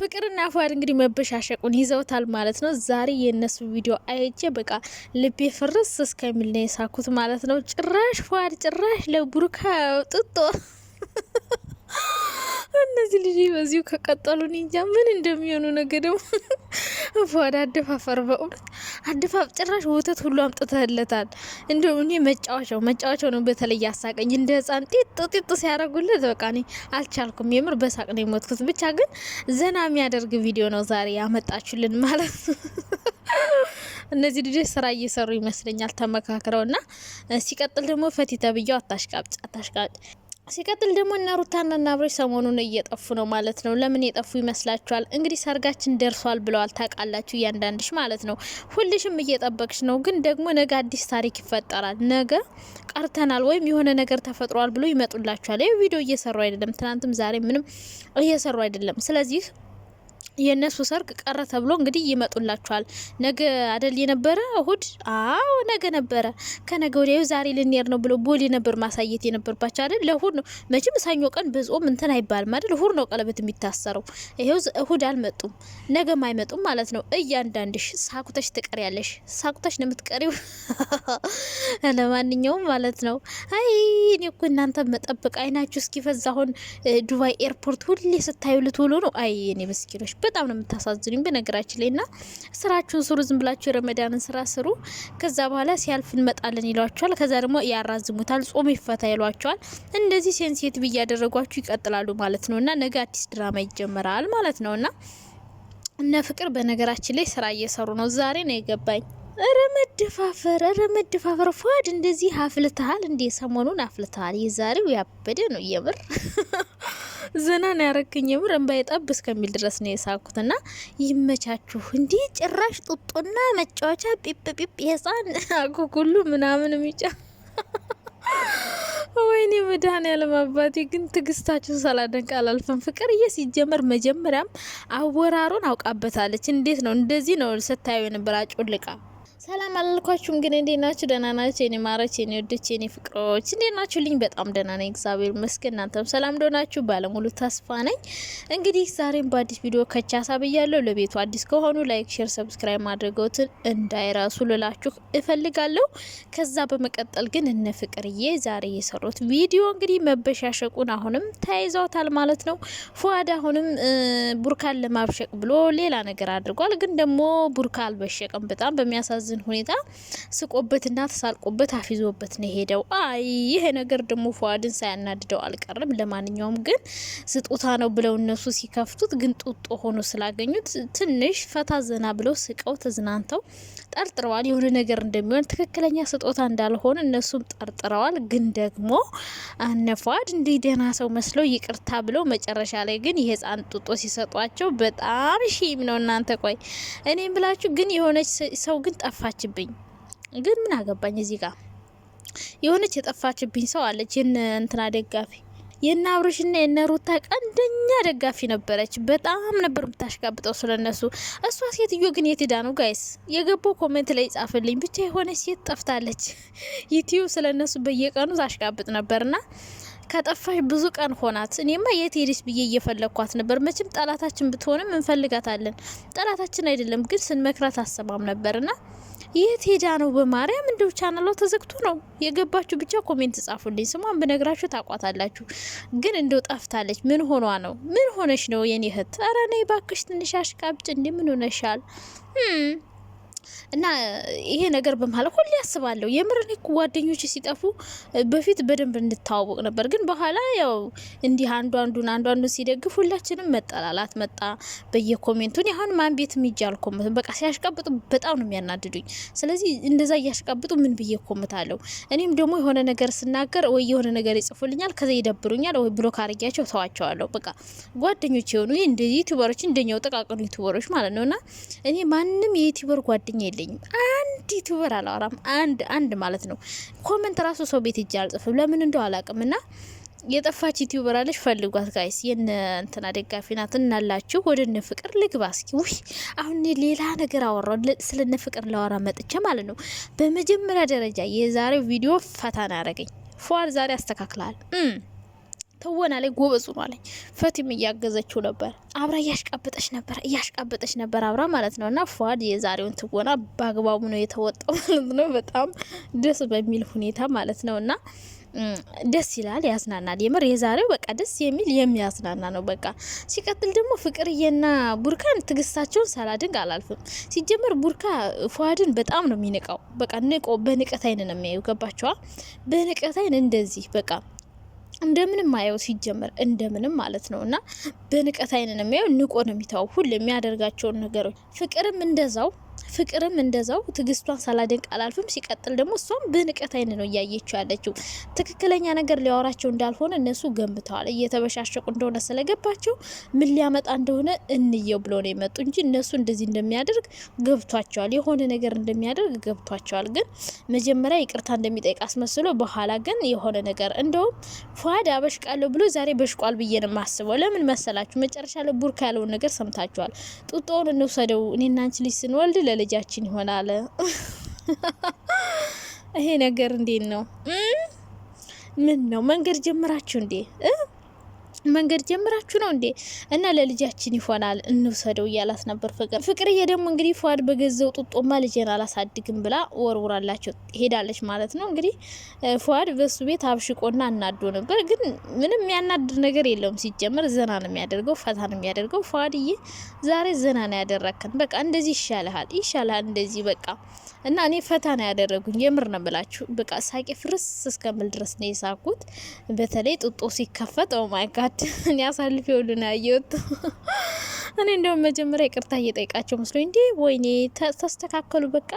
ፍቅርና ፏድ እንግዲህ መበሻሸቁን ይዘውታል ማለት ነው። ዛሬ የእነሱ ቪዲዮ አይቼ በቃ ልቤ ፍርስ እስከሚል ነው የሳኩት ማለት ነው። ጭራሽ ፏድ ጭራሽ ለቡርካ ጥጦ እነዚህ ልጅ በዚሁ ከቀጠሉን እንጃ ምን እንደሚሆኑ ነገ ደግሞ ፏድ አደፋፈር በእውነት አደፋፍ ጭራሽ ወተት ሁሉ አምጥተህለታል። እንዲሁም እኔ መጫወቻው መጫወቻው ነው በተለይ ያሳቀኝ። እንደ ህፃን ጢጥ ጢጥ ሲያደርጉለት በቃ እኔ አልቻልኩም። የምር በሳቅ ነው የሞትኩት። ብቻ ግን ዘና የሚያደርግ ቪዲዮ ነው ዛሬ ያመጣችሁልን ማለት ነው። እነዚህ ልጆች ስራ እየሰሩ ይመስለኛል ተመካክረው እና ሲቀጥል ደግሞ ፈቲ ተብዬው አታሽቃብጭ አታሽቃብጭ ሲቀጥል ደግሞ እነ ሩታና እና አብሬ ሰሞኑን እየጠፉ ነው ማለት ነው። ለምን የጠፉ ይመስላችኋል? እንግዲህ ሰርጋችን ደርሷል ብለዋል። ታውቃላችሁ፣ እያንዳንድሽ ማለት ነው። ሁልሽም እየጠበቅሽ ነው። ግን ደግሞ ነገ አዲስ ታሪክ ይፈጠራል። ነገ ቀርተናል ወይም የሆነ ነገር ተፈጥሯል ብሎ ይመጡላችኋል። ይህ ቪዲዮ እየሰሩ አይደለም፣ ትናንትም ዛሬ ምንም እየሰሩ አይደለም። ስለዚህ የእነሱ ሰርግ ቀረ ተብሎ እንግዲህ ይመጡላችኋል። ነገ አደል የነበረ እሁድ? አዎ ነገ ነበረ። ከነገ ወዲያው ዛሬ ልንሄድ ነው ብሎ ቦሌ ነበር ማሳየት የነበርባቸው አደል? ለእሁድ ነው መቼም። ሰኞ ቀን በጾም እንትን አይባልም አደል? እሁድ ነው ቀለበት የሚታሰረው። ይሄው እሁድ አልመጡም፣ ነገም አይመጡም ማለት ነው። እያንዳንድሽ ሳቁተሽ ትቀሪያለሽ። ሳቁተሽ ነው የምትቀሪው። ለማንኛውም ማለት ነው። አይ እኔ እኮ እናንተ መጠበቅ አይናችሁ እስኪፈዛ አሁን ዱባይ ኤርፖርት ሁሌ ስታዩ ልትውሉ ነው። አይ እኔ ምስኪኖች ሴቶች በጣም ነው የምታሳዝኑኝ በነገራችን ላይ እና ስራችሁን ስሩ። ዝም ብላችሁ የረመዳንን ስራ ስሩ። ከዛ በኋላ ሲያልፍ እንመጣለን ይሏቸዋል። ከዛ ደግሞ ያራዝሙታል። ጾም ይፈታ ይሏቸዋል። እንደዚህ ሴንሴቲቭ እያደረጓችሁ ይቀጥላሉ ማለት ነው እና ነገ አዲስ ድራማ ይጀምራል ማለት ነው እና እነ ፍቅር በነገራችን ላይ ስራ እየሰሩ ነው። ዛሬ ነው የገባኝ። እረ መደፋፈር፣ እረ መደፋፈር። ፏድ እንደዚህ አፍልተሃል እንዴ? ሰሞኑን አፍልተሃል። የዛሬው ያበደ ነው የምር ዘና ነው ያረግኝ። የምር እንባዬ ጠብ እስከሚል ድረስ ነው የሳኩት። ና ይመቻችሁ። እንዲህ ጭራሽ ጡጦና መጫወቻ ጲጵ ጲጵ የህፃን አኩኩሉ ምናምን ሚጫ ወይኔ መድኃኔዓለም አባቴ ግን ትግስታችሁ ሳላደንቅ አላልፈም። ፍቅርዬ ሲጀመር መጀመሪያም አወራሩን አውቃበታለች። እንዴት ነው እንደዚህ ነው ስታዩ የነበረ አጮልቃ ሰላም አላልኳችሁም ግን እንዴት ናችሁ? ደህና ናችሁ? የኔ ማረች፣ የኔ ወደች፣ የኔ ፍቅሮች እንዴት ናችሁ? ልኝ በጣም ደህና ነኝ፣ እግዚአብሔር ይመስገን። እናንተም ሰላም እንደሆናችሁ ባለሙሉ ተስፋ ነኝ። እንግዲህ ዛሬም በአዲስ ቪዲዮ ከቻ ሳብያለሁ። ለቤቱ አዲስ ከሆኑ ላይክ፣ ሼር፣ ሰብስክራይብ ማድረገውትን እንዳይረሱ ልላችሁ እፈልጋለሁ። ከዛ በመቀጠል ግን እነ ፍቅርዬ ዛሬ የሰሩት ቪዲዮ እንግዲህ መበሻሸቁን አሁንም ተያይዘውታል ማለት ነው። ፉአድ አሁንም ቡርካን ለማብሸቅ ብሎ ሌላ ነገር አድርጓል። ግን ደግሞ ቡርካ አልበሸቀም። በጣም በሚያሳዝ በሚያሳዝን ሁኔታ ስቆበትና ተሳልቆበት አፊዞበት ነው ሄደው። አይ ይሄ ነገር ደግሞ ፏድን ሳያናድደው አልቀርም። ለማንኛውም ግን ስጦታ ነው ብለው እነሱ ሲከፍቱት ግን ጡጦ ሆኖ ስላገኙት ትንሽ ፈታ ዘና ብለው ስቀው ተዝናንተው ጠርጥረዋል። የሆነ ነገር እንደሚሆን ትክክለኛ ስጦታ እንዳልሆን እነሱም ጠርጥረዋል። ግን ደግሞ አነፏድ እንዲህ ደህና ሰው መስለው ይቅርታ ብለው መጨረሻ ላይ ግን የህፃን ጡጦ ሲሰጧቸው በጣም ሺም ነው እናንተ። ቆይ እኔም ብላችሁ ግን የሆነች ሰው ግን ጠፋችብኝ። ግን ምን አገባኝ እዚህ ጋር የሆነች የጠፋችብኝ ሰው አለች። ይህን እንትና ደጋፊ የነ አብርሽና የነ ሩታ ቀንደኛ ደጋፊ ነበረች። በጣም ነበር የምታሽቃብጠው ስለነሱ። እሷ ሴትዮ ግን የትዳ ነው ጋይስ? የገባው ኮሜንት ላይ ጻፍልኝ። ብቻ የሆነ ሴት ጠፍታለች። ዩቲዩብ ስለነሱ በየቀኑ ታሽቃብጥ ነበርና ከጠፋሽ ብዙ ቀን ሆናት። እኔማ የት ሄደች ብዬ እየፈለግኳት ነበር። መቼም ጠላታችን ብትሆንም እንፈልጋታለን። ጠላታችን አይደለም ግን ስንመክራት አሰማም ነበርና የት ሄዳ ነው? በማርያም እንደው ቻናሏ ተዘግቶ ነው የገባችሁ። ብቻ ኮሜንት ጻፉልኝ። ስሟን ብነግራችሁ ታቋታላችሁ። ግን እንደው ጠፍታለች። ምን ሆኗ ነው? ምን ሆነሽ ነው የኔ እህት? ኧረ ነይ ባክሽ ትንሽ አሽቃብጭ። እንዲህ ምን ሆነሻል? እና ይሄ ነገር በማለት ሁሌ ያስባለሁ። የምርን ጓደኞች ሲጠፉ በፊት በደንብ እንታዋወቅ ነበር፣ ግን በኋላ ያው እንዲህ አንዱ አንዱን አንዱ አንዱን ሲደግፍ ሁላችንም መጠላላት መጣ። በየኮሜንቱን ያሁን ማን ቤት ሚጃ ኮመት በቃ ሲያሽቀብጡ በጣም ነው የሚያናድዱኝ። ስለዚህ እንደዛ እያሽቀብጡ ምን ብዬ ኮመት አለው። እኔም ደግሞ የሆነ ነገር ስናገር ወይ የሆነ ነገር ይጽፉልኛል፣ ከዛ ይደብሩኛል፣ ወይ ብሎክ አርጊያቸው ተዋቸዋለሁ። በቃ ጓደኞች የሆኑ እንደ ዩቲዩበሮች እንደኛው ጥቃቅኑ ዩቲዩበሮች ማለት ነውና እኔ ማንም የዩቲዩበር ጓደኛ የለ የለኝም። አንድ ዩቱበር አላወራም። አንድ አንድ ማለት ነው። ኮመንት ራሱ ሰው ቤት እጅ አልጽፍም። ለምን እንደው አላቅም። እና የጠፋች ዩቲዩበር አለች፣ ፈልጓት ጋይስ። የነ እንትና ደጋፊ ናት እናላችሁ። ወደ እነ ፍቅር ልግባ እስኪ። ውይ አሁን ሌላ ነገር አወራው ስለ እነ ፍቅር ላወራ መጥቼ ማለት ነው። በመጀመሪያ ደረጃ የዛሬው ቪዲዮ ፈታን ያደረገኝ ፏር ዛሬ አስተካክላል ትወና ላይ ጎበዝ አለኝ። ፈቲም እያገዘችው ነበር፣ አብራ እያሽቃበጠች ነበር እያሽቃበጠች ነበር አብራ ማለት ነው። እና ፏድ የዛሬውን ትወና በአግባቡ ነው የተወጣው ማለት ነው። በጣም ደስ በሚል ሁኔታ ማለት ነው እና ደስ ይላል፣ ያዝናናል። የምር የዛሬው በቃ ደስ የሚል የሚያዝናና ነው። በቃ ሲቀጥል ደግሞ ፍቅርዬና ቡርካን ትግስታቸውን ሳላድንቅ አላልፍም። ሲጀመር ቡርካ ፏድን በጣም ነው የሚንቀው። በቃ ንቆ በንቀት አይን ነው የሚያዩ ገባቸዋ። በንቀት አይን እንደዚህ በቃ እንደምንም አየው ሲጀመር እንደምንም ማለት ነው። እና በንቀት አይን ነው የሚያየው፣ ንቆ ነው የሚታወው የሚያደርጋቸውን ነገሮች። ፍቅርም እንደዛው ፍቅርም እንደዛው ትግስቷን ሳላደንቅ አላልፍም። ሲቀጥል ደግሞ እሷም በንቀት አይን ነው እያየችው ያለችው። ትክክለኛ ነገር ሊያወራቸው እንዳልሆነ እነሱ ገንብተዋል። እየተበሻሸቁ እንደሆነ ስለገባቸው ምን ሊያመጣ እንደሆነ እንየው ብሎ ነው የመጡ እንጂ እነሱ እንደዚህ እንደሚያደርግ ገብቷቸዋል። የሆነ ነገር እንደሚያደርግ ገብቷቸዋል። ግን መጀመሪያ ይቅርታ እንደሚጠይቅ አስመስሎ በኋላ ግን የሆነ ነገር እንደውም ፏድ አበሽቃለሁ ብሎ ዛሬ በሽቋል ብዬ ነው የማስበው። ለምን መሰላችሁ? መጨረሻ ላይ ቡርካ ያለውን ነገር ሰምታችኋል። ጡጦውን እንውሰደው እኔና አንቺ ልጅ ስንወልድ ለልጃችን ይሆናል። ይሄ ነገር እንዴት ነው? ምን ነው መንገድ ጀምራችሁ እንዴ? መንገድ ጀምራችሁ ነው እንዴ? እና ለልጃችን ይሆናል እንውሰደው እያላት ነበር ፍቅር። ፍቅርዬ ደግሞ እንግዲህ ፏድ በገዘው ጡጦማ ልጄን አላሳድግም ብላ ወርውራላቸው ሄዳለች ማለት ነው። እንግዲህ ፏድ በሱ ቤት አብሽቆና አናዶ ነበር፣ ግን ምንም የሚያናድር ነገር የለውም ሲጀምር። ዘና ነው የሚያደርገው፣ ፈታ ነው የሚያደርገው። ፏድዬ ዛሬ ዘና ነው ያደረከን፣ በቃ እንደዚህ ይሻልሃል፣ ይሻልሃል እንደዚህ በቃ እና እኔ ፈታ ነው ያደረጉኝ። የምር ነው ብላችሁ በቃ ሳቄ ፍርስ እስከምል ድረስ ነው የሳኩት። በተለይ ጡጦ ሲከፈት ኦማይጋድ አባት እኔ አሳልፌ ሁሉ ያየሁት። እኔ እንደውም መጀመሪያ ይቅርታ እየጠይቃቸው መስሎ እንዲ ወይኔ ተስተካከሉ በቃ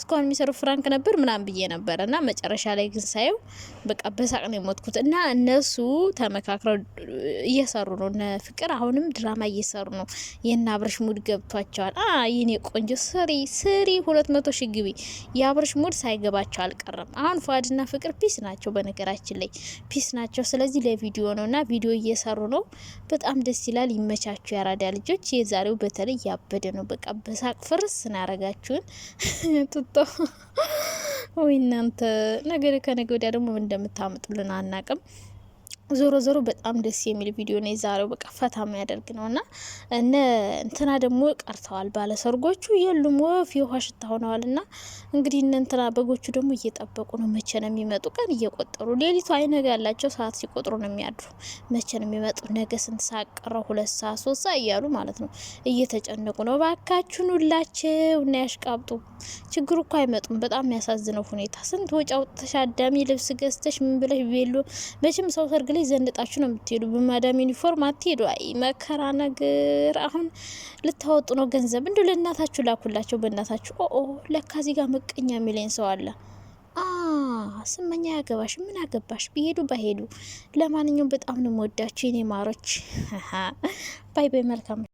እስካሁን የሚሰሩ ፍራንክ ነበር ምናምን ብዬ ነበረ እና መጨረሻ ላይ ግን ሳየው በቃ በሳቅ ነው የሞትኩት። እና እነሱ ተመካክረው እየሰሩ ነው እነ ፍቅር አሁንም ድራማ እየሰሩ ነው። የእነ አብረሽ ሙድ ገብቷቸዋል። ይህኔ ቆንጆ ስሪ ስሪ ሁለት መቶ ሺ ግቢ የአብረሽ ሙድ ሳይገባቸው አልቀረም። አሁን ፏድና ፍቅር ፒስ ናቸው፣ በነገራችን ላይ ፒስ ናቸው። ስለዚህ ለቪዲዮ ነው እና ቪዲዮ እየሰሩ ነው። በጣም ደስ ይላል። ይመቻቸው ያራዳ ልጆች ሰዎች የዛሬው በተለይ ያበደ ነው። በቃ በሳቅ ፍርስ ስናረጋችሁን ቱቶ ወይ እናንተ ነገር ከነገ ወዲያ ደግሞ እንደምታመጡልን አናቅም። ዞሮ ዞሮ በጣም ደስ የሚል ቪዲዮ ነው የዛሬው። በቃ ፈታ የሚያደርግ ነው እና እነ እንትና ደግሞ ቀርተዋል፣ ባለሰርጎቹ የሉም፣ ወፍ የውሃ ሽታ ሆነዋል። እና እንግዲህ እነ እንትና በጎቹ ደግሞ እየጠበቁ ነው፣ መቼ ነው የሚመጡ? ቀን እየቆጠሩ ሌሊቱ አይነጋ ያላቸው ሰዓት ሲቆጥሩ ነው የሚያድሩ። መቼ ነው የሚመጡ? ነገ ስንት ሰዓት ቀረው? ሁለት ሰዓት ሶስት ሰዓት እያሉ ማለት ነው እየተጨነቁ ነው። እባካችሁን ሁላችሁ እና ያሽቃብጡ። ችግሩ እኮ አይመጡም። በጣም የሚያሳዝነው ሁኔታ ስንት ወጪ አውጥተሽ አዳሚ ልብስ ገዝተሽ ምን ብለሽ ቤሎ መቼም ሰው ሰርግ ላይ ላይ ዘንጣችሁ ነው የምትሄዱ። በማዳም ዩኒፎርም አትሄዱ። አይ መከራ ነገር። አሁን ልታወጡ ነው ገንዘብ። እንዲሁ ለእናታችሁ ላኩላቸው በእናታችሁ። ኦ ለካ እዚህ ጋር ምቀኛ የሚለኝ ሰው አለ። ስመኛ ያገባሽ ምን አገባሽ? ቢሄዱ ባይሄዱ፣ ለማንኛውም በጣም ነው የምወዳችሁ የኔ ማሮች። ባይ ባይ። መልካም